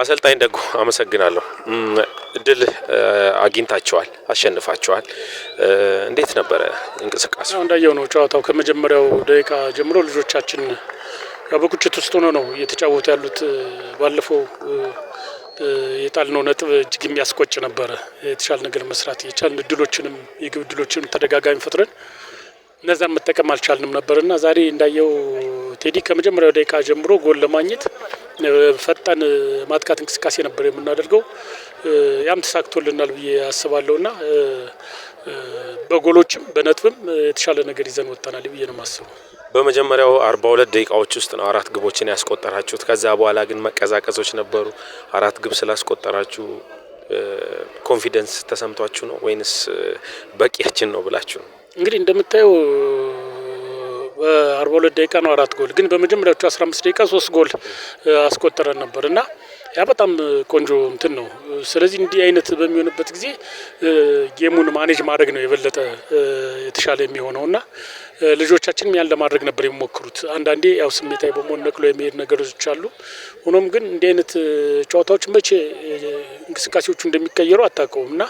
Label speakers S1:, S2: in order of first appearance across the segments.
S1: አሰልጣኝ ደጉ አመሰግናለሁ። ድል አግኝታቸዋል፣ አሸንፋቸዋል። እንዴት ነበረ እንቅስቃሴ?
S2: እንዳየው ነው ጨዋታው ከመጀመሪያው ደቂቃ ጀምሮ ልጆቻችን በቁጭት ውስጥ ሆኖ ነው እየተጫወቱ ያሉት። ባለፈው የጣልነው ነጥብ እጅግ የሚያስቆጭ ነበረ። የተሻለ ነገር መስራት የቻልን እድሎችንም የግብ እድሎችንም ተደጋጋሚ ፈጥረን እነዛን መጠቀም አልቻልንም ነበርና ዛሬ እንዳየው ቴዲ ከመጀመሪያው ደቂቃ ጀምሮ ጎል ለማግኘት ፈጣን ማጥቃት እንቅስቃሴ ነበር የምናደርገው። ያም ተሳክቶልናል ብዬ አስባለሁ እና በጎሎችም በነጥብም የተሻለ ነገር ይዘን ወጥተናል ብዬ ነው የማስበው።
S1: በመጀመሪያው አርባ ሁለት ደቂቃዎች ውስጥ ነው አራት ግቦችን ያስቆጠራችሁት። ከዛ በኋላ ግን መቀዛቀዞች ነበሩ። አራት ግብ ስላስቆጠራችሁ ኮንፊደንስ ተሰምቷችሁ ነው ወይንስ በቂያችን ነው ብላችሁ ነው?
S2: እንግዲህ እንደምታየው አርባ ሁለት ደቂቃ ነው አራት ጎል ግን በመጀመሪያዎቹ አስራ አምስት ደቂቃ ሶስት ጎል አስቆጠረን ነበር እና ያ በጣም ቆንጆ እንትን ነው። ስለዚህ እንዲህ አይነት በሚሆንበት ጊዜ ጌሙን ማኔጅ ማድረግ ነው የበለጠ የተሻለ የሚሆነው እና ልጆቻችንም ያን ለማድረግ ነበር የሚሞክሩት። አንዳንዴ ያው ስሜታዊ በመሆን ነቅሎ የሚሄድ ነገሮች አሉ። ሆኖም ግን እንዲህ አይነት ጨዋታዎች መቼ እንቅስቃሴዎቹ እንደሚቀየሩ አታውቀውም እና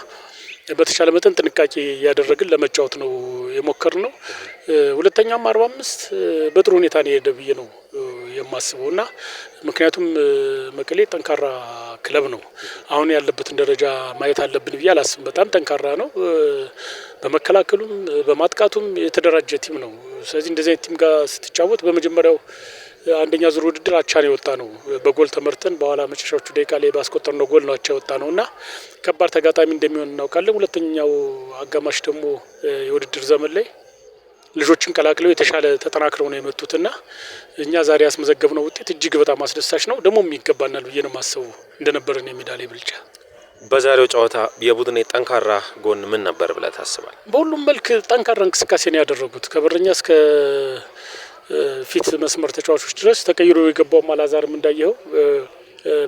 S2: በተሻለ መጠን ጥንቃቄ ያደረግን ለመጫወት ነው የሞከር ነው። ሁለተኛም አርባ አምስት በጥሩ ሁኔታ ነው የሄደ ብዬ ነው የማስበው እና ምክንያቱም መቀሌ ጠንካራ ክለብ ነው። አሁን ያለበትን ደረጃ ማየት አለብን ብዬ አላስብም። በጣም ጠንካራ ነው። በመከላከሉም በማጥቃቱም የተደራጀ ቲም ነው። ስለዚህ እንደዚህ አይነት ቲም ጋር ስትጫወት በመጀመሪያው አንደኛ ዙር ውድድር አቻን የወጣ ነው። በጎል ተመርተን በኋላ መጨረሻዎቹ ደቂቃ ላይ ነው ጎል ነው አቻ የወጣ ነው እና ከባድ ተጋጣሚ እንደሚሆን እናውቃለን። ሁለተኛው አጋማሽ ደግሞ የውድድር ዘመን ላይ ልጆችን ቀላቅለው የተሻለ ተጠናክረው ነው የመጡትና እኛ ዛሬ ያስመዘገብነው ውጤት እጅግ በጣም አስደሳች ነው። ደግሞ የሚገባናል ብዬ ነው የማስበው እንደነበረን የሜዳሌ ብልጫ።
S1: በዛሬው ጨዋታ የቡድኔ ጠንካራ ጎን ምን ነበር ብለህ ታስባል?
S2: በሁሉም መልክ ጠንካራ እንቅስቃሴ ነው ያደረጉት ከበረኛ እስከ ፊት መስመር ተጫዋቾች ድረስ ተቀይሮ የገባውም አላዛርም እንዳየኸው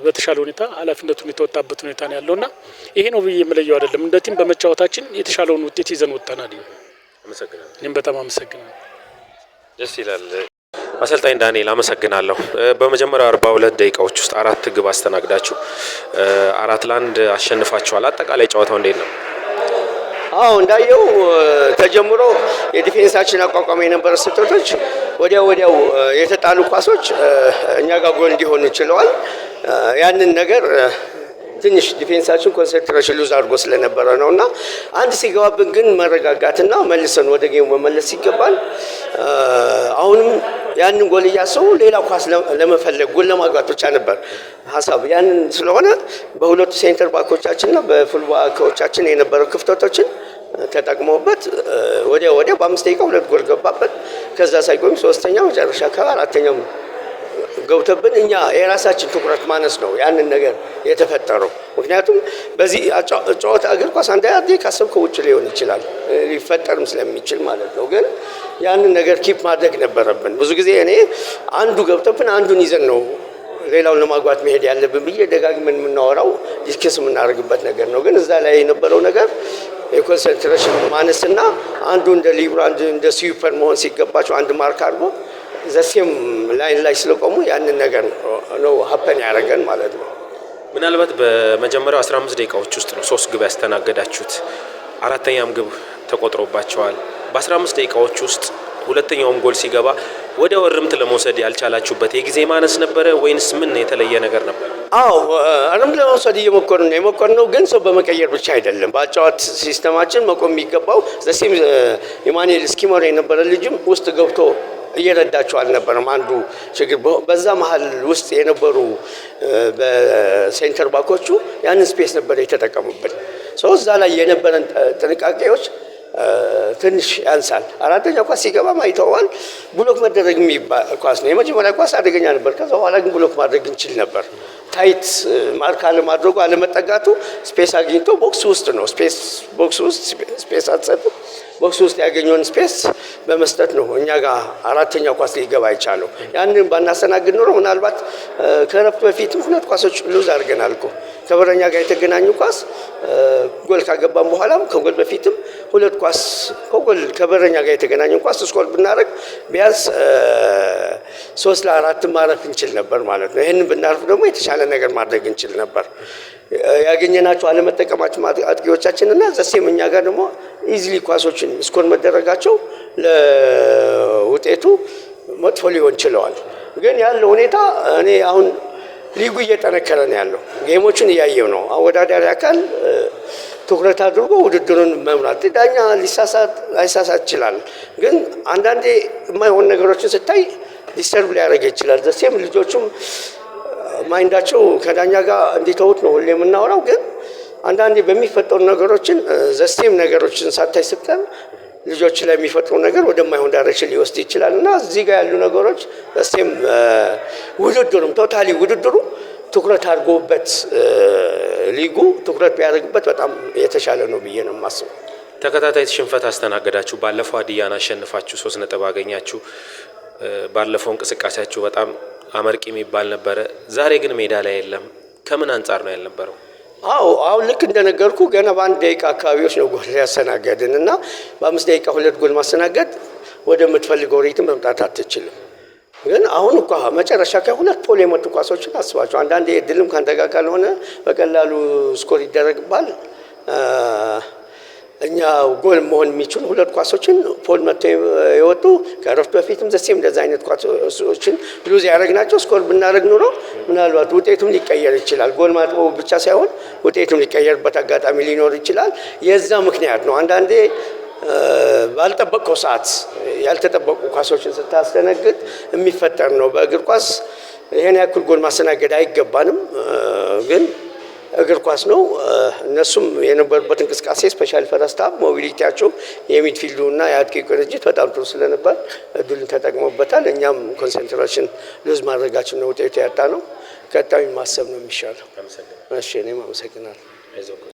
S2: በተሻለ ሁኔታ ኃላፊነቱን የተወጣበት ሁኔታ ነው ያለውና ይሄ ነው ብዬ የምለየው አይደለም። እንደ ቲም በመጫወታችን የተሻለውን ውጤት ይዘን ወጥተናል። አመሰግናለሁ። እኔም በጣም አመሰግናለሁ።
S1: ደስ ይላል። አሰልጣኝ ዳንኤል አመሰግናለሁ። በመጀመሪያ አርባ ሁለት ደቂቃዎች ውስጥ አራት ግብ አስተናግዳችሁ አራት ለአንድ አሸንፋችኋል። አጠቃላይ ጨዋታው እንዴት ነው?
S3: አዎ እንዳየው ተጀምሮ የዲፌንሳችን አቋቋሚ የነበረ ስህተቶች ወዲያው ወዲያው የተጣሉ ኳሶች እኛ ጋር ጎል እንዲሆኑ ችለዋል። ያንን ነገር ትንሽ ዲፌንሳችን ኮንሰንትሬሽን ሉዝ አድርጎ ስለነበረ ነው እና አንድ ሲገባብን ግን መረጋጋትና መልሰን ወደ ጌሙ መመለስ ሲገባል አሁንም ያንን ጎል እያሰቡ ሌላ ኳስ ለመፈለግ ጎል ለማግባት ብቻ ነበር ሀሳብ። ያንን ስለሆነ በሁለቱ ሴንተር ባኮቻችንና በፉልባኮቻችን የነበረ ክፍተቶችን ተጠቅመውበት ወዲያ ወዲያ በአምስት ደቂቃ ሁለት ጎል ገባበት። ከዛ ሳይቆም ሶስተኛ መጨረሻ አካባቢ አራተኛው ገብተብን እኛ የራሳችን ትኩረት ማነስ ነው ያንን ነገር የተፈጠረው። ምክንያቱም በዚህ ጨዋታ እግር ኳስ አንዳ ካሰብከው ውጭ ሊሆን ይችላል ሊፈጠርም ስለሚችል ማለት ነው። ግን ያንን ነገር ኪፕ ማድረግ ነበረብን። ብዙ ጊዜ እኔ አንዱ ገብተብን አንዱን ይዘን ነው ሌላውን ለማግባት መሄድ ያለብን ብዬ ደጋግመን የምናወራው ዲስከስ የምናደርግበት ነገር ነው። ግን እዛ ላይ የነበረው ነገር የኮንሰንትሬሽን ማነስና አንዱ እንደ ሊብሮ አንዱ እንደ ስዊፐር መሆን ሲገባቸው አንድ ማርክ አድርጎ ዘሴም ላይን ላይ ስለቆሙ ያንን ነገር ነው ሀፐን ያደረገን ማለት ነው።
S1: ምናልባት በመጀመሪያው 15 ደቂቃዎች ውስጥ ነው ሶስት ግብ ያስተናገዳችሁት፣ አራተኛም ግብ ተቆጥሮባቸዋል። በ15 ደቂቃዎች ውስጥ ሁለተኛውም ጎል ሲገባ ወደ እርምት ለመውሰድ ያልቻላችሁበት የጊዜ ማነስ ነበረ ወይንስ ምን የተለየ ነገር ነበር?
S3: አዎ እርምት ለመውሰድ እየሞከርን ነው የሞከርነው፣ ግን ሰው በመቀየር ብቻ አይደለም። በአጫዋት ሲስተማችን መቆም የሚገባው ዘሴም ኢማኑኤል ስኪመር የነበረ ልጅም ውስጥ ገብቶ እየረዳቸው አልነበረም። አንዱ ችግር በዛ መሀል ውስጥ የነበሩ በሴንተር ባኮቹ ያንን ስፔስ ነበር የተጠቀሙበት። ሰው እዛ ላይ የነበረን ጥንቃቄዎች ትንሽ ያንሳል። አራተኛ ኳስ ሲገባ ማይተዋል። ብሎክ መደረግ የሚባል ኳስ ነው። የመጀመሪያ ኳስ አደገኛ ነበር። ከዛ በኋላ ግን ብሎክ ማድረግ እንችል ነበር። ታይት ማርክ አለማድረጉ፣ አለመጠጋቱ ስፔስ አግኝቶ ቦክስ ውስጥ ነው ስፔስ ቦክስ ውስጥ ስፔስ አትሰጡ ቦክስ ውስጥ ያገኘውን ስፔስ በመስጠት ነው እኛ ጋር አራተኛ ኳስ ሊገባ አይቻለው። ያንን ባናስተናግድ ኖሮ ምናልባት ከረፍት በፊትም ሁለት ኳሶች ሉዝ አድርገናል እኮ ከበረኛ ጋር የተገናኙ ኳስ ጎል ካገባም በኋላም ከጎል በፊትም ሁለት ኳስ ከጎል ከበረኛ ጋር የተገናኙ ኳስ እስኮል ብናደረግ ቢያንስ ሶስት ለአራት ማረፍ እንችል ነበር ማለት ነው። ይህንን ብናርፍ ደግሞ የተሻለ ነገር ማድረግ እንችል ነበር። ያገኘናቸው አለመጠቀማቸው አጥቂዎቻችን እና ዘሴም እኛ ጋር ደግሞ ኢዝሊ ኳሶችን እስኮን መደረጋቸው ለውጤቱ መጥፎ ሊሆን ችለዋል። ግን ያለው ሁኔታ እኔ አሁን ሊጉ እየጠነከረ ነው ያለው። ጌሞችን እያየው ነው። አወዳዳሪ አካል ትኩረት አድርጎ ውድድሩን መምራት፣ ዳኛ ሊሳሳት ላይሳሳት ይችላል። ግን አንዳንዴ የማይሆን ነገሮችን ስታይ ሊሰርብ ሊያደርግ ይችላል። ዘሴም ልጆቹም ማይንዳቸው ከዳኛ ጋር እንዲተውት ነው ሁሌ የምናወራው። ግን አንዳንዴ በሚፈጠሩ ነገሮችን ዘሴም ነገሮችን ሳታይ ስብተን ልጆች ላይ የሚፈጥሩ ነገር ወደማይሆን ዳይሬክሽን ሊወስድ ይችላል እና እዚህ ጋር ያሉ ነገሮች ስቴም ውድድሩም ቶታሊ ውድድሩ ትኩረት አድርጎበት ሊጉ ትኩረት ቢያደርግበት በጣም የተሻለ ነው ብዬ ነው የማስበው።
S1: ተከታታይ ሽንፈት አስተናገዳችሁ። ባለፈው ሀዲያን አሸንፋችሁ ሶስት ነጥብ አገኛችሁ። ባለፈው እንቅስቃሴያችሁ በጣም አመርቂ የሚባል ነበረ። ዛሬ ግን ሜዳ ላይ የለም። ከምን አንጻር ነው ያልነበረው?
S3: አዎ አሁን ልክ እንደነገርኩ ገና በአንድ ደቂቃ አካባቢዎች ነው ጎል ያስተናገድን እና በአምስት ደቂቃ ሁለት ጎል ማስተናገድ ወደምትፈልገው ሪትም መምጣት አትችልም። ግን አሁን እኳ መጨረሻ ከሁለት ፖል የመጡ ኳሶችን አስባቸው። አንዳንድ የድልም ከአንተ ጋር ካልሆነ በቀላሉ ስኮር ይደረግባል። እኛ ጎል መሆን የሚችሉ ሁለት ኳሶችን ፖል መጥቶ የወጡ ከረፍት በፊትም ዘሴም እንደዚ አይነት ኳሶችን ሉዝ ያደረግናቸው ስኮር ብናደረግ ኑሮ ምናልባት ውጤቱም ሊቀየር ይችላል። ጎል ማጥበቡ ብቻ ሳይሆን ውጤቱም ሊቀየርበት አጋጣሚ ሊኖር ይችላል። የዛ ምክንያት ነው አንዳንዴ ባልጠበቀው ሰዓት ያልተጠበቁ ኳሶችን ስታስተነግድ የሚፈጠር ነው። በእግር ኳስ ይሄን ያክል ጎል ማስተናገድ አይገባንም ግን እግር ኳስ ነው። እነሱም የነበሩበት እንቅስቃሴ ስፔሻል ፈረስታም ሞቢሊቲያቸው እና የአጥቂ ቅንጅት በጣም ጥሩ ስለነበር እድሉን ተጠቅሞበታል። እኛም ኮንሰንትሬሽን ሉዝ ማድረጋችን ነው ውጤቱ ያጣ ነው። ቀጣዩን ማሰብ ነው የሚሻለው። እሺ፣ እኔም አመሰግናለሁ።